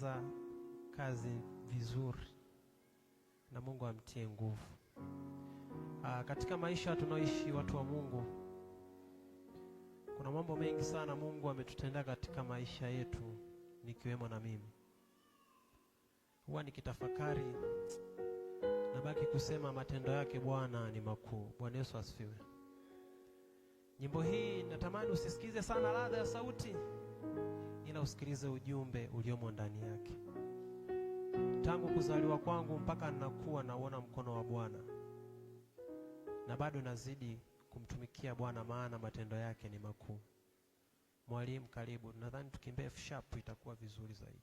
kutekeleza kazi vizuri na Mungu amtie nguvu. Aa, ah, katika maisha tunaoishi watu wa Mungu kuna mambo mengi sana Mungu ametutendea katika maisha yetu nikiwemo na mimi. Huwa nikitafakari nabaki kusema matendo yake Bwana ni makuu. Bwana Yesu asifiwe. Nyimbo hii natamani usisikize sana ladha ya sauti ila usikilize ujumbe uliomo ndani yake. Tangu kuzaliwa kwangu mpaka ninakuwa nauona mkono wa Bwana na bado nazidi kumtumikia Bwana, maana matendo yake ni makuu. Mwalimu, karibu. Nadhani tukimbia F sharp itakuwa vizuri zaidi.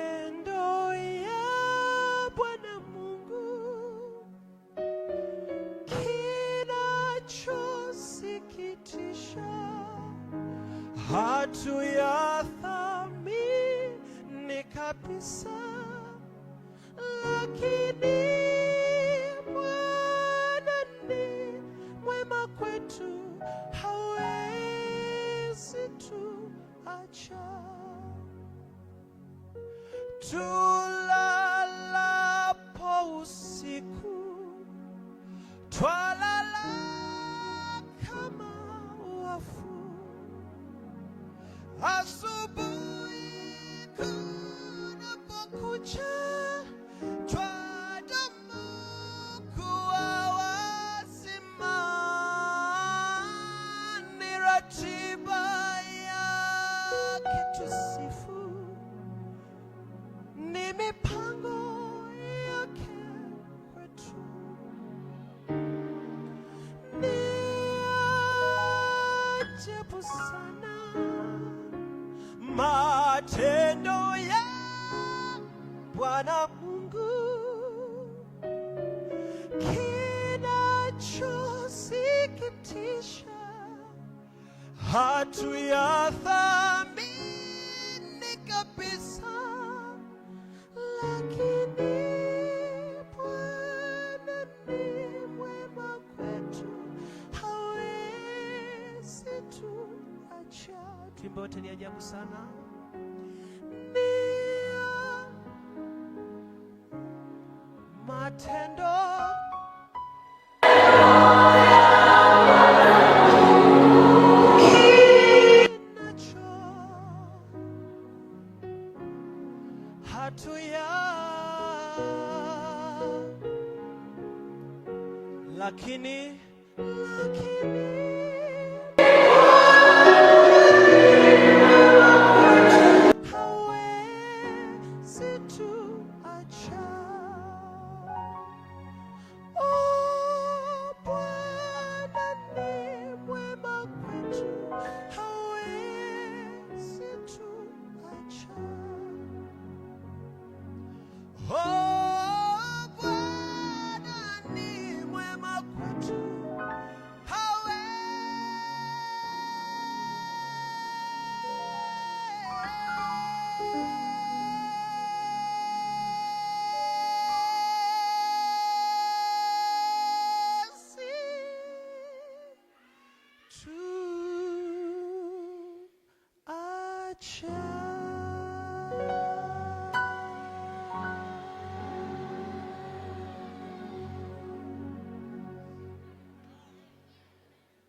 hatuyathamini kabisa, lakini Bwana ni mwema kwetu, hawezi tuacha tu Asubuhi kuna pokucha matendo ya Bwana Mungu kinachosikitisha hatu ya Wimbo ni ajabu sana. Mia matendo lakini lakini child. chill.